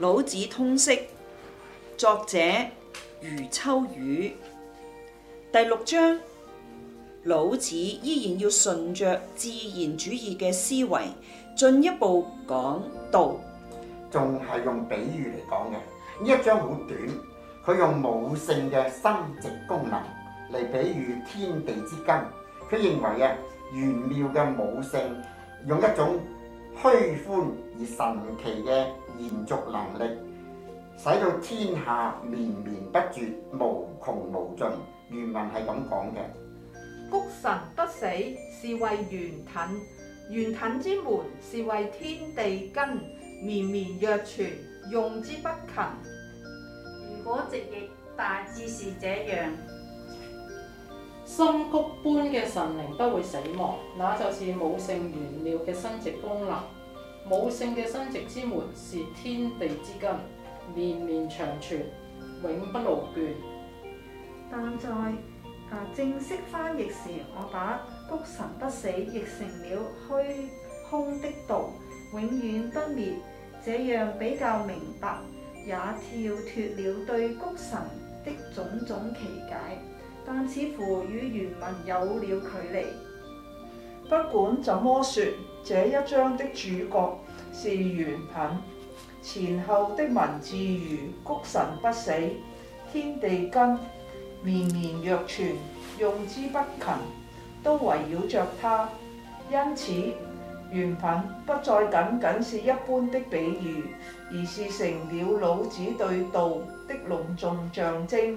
老子通釋，作者余秋雨，第六章，老子依然要順着自然主義嘅思維，進一步講道，仲係用比喻嚟講嘅。呢一章好短，佢用母性嘅生殖功能嚟比喻天地之根。佢認為啊，玄妙嘅母性用一種，虛歡而神奇嘅延續能力，使到天下綿綿不絕，無窮無盡。原文係咁講嘅：谷神不死，是為玄牝；玄牝之門，是為天地根。綿綿若存，用之不勤。如果直譯，大致是這樣。深谷般嘅神靈不會死亡，那就是母性原料嘅生殖功能。母性嘅生殖之門是天地之根，綿綿長存，永不勞倦。但在啊正式翻譯時，我把谷神不死譯成了虛空的道，永遠不滅，這樣比較明白，也跳脫了對谷神的種種奇解。但似乎與原文有了距離。不管怎麼說，這一章的主角是原品，前後的文字如谷神不死、天地根、綿綿若存、用之不勤，都圍繞着它。因此，原品不再僅僅是一般的比喻，而是成了老子對道的隆重象徵。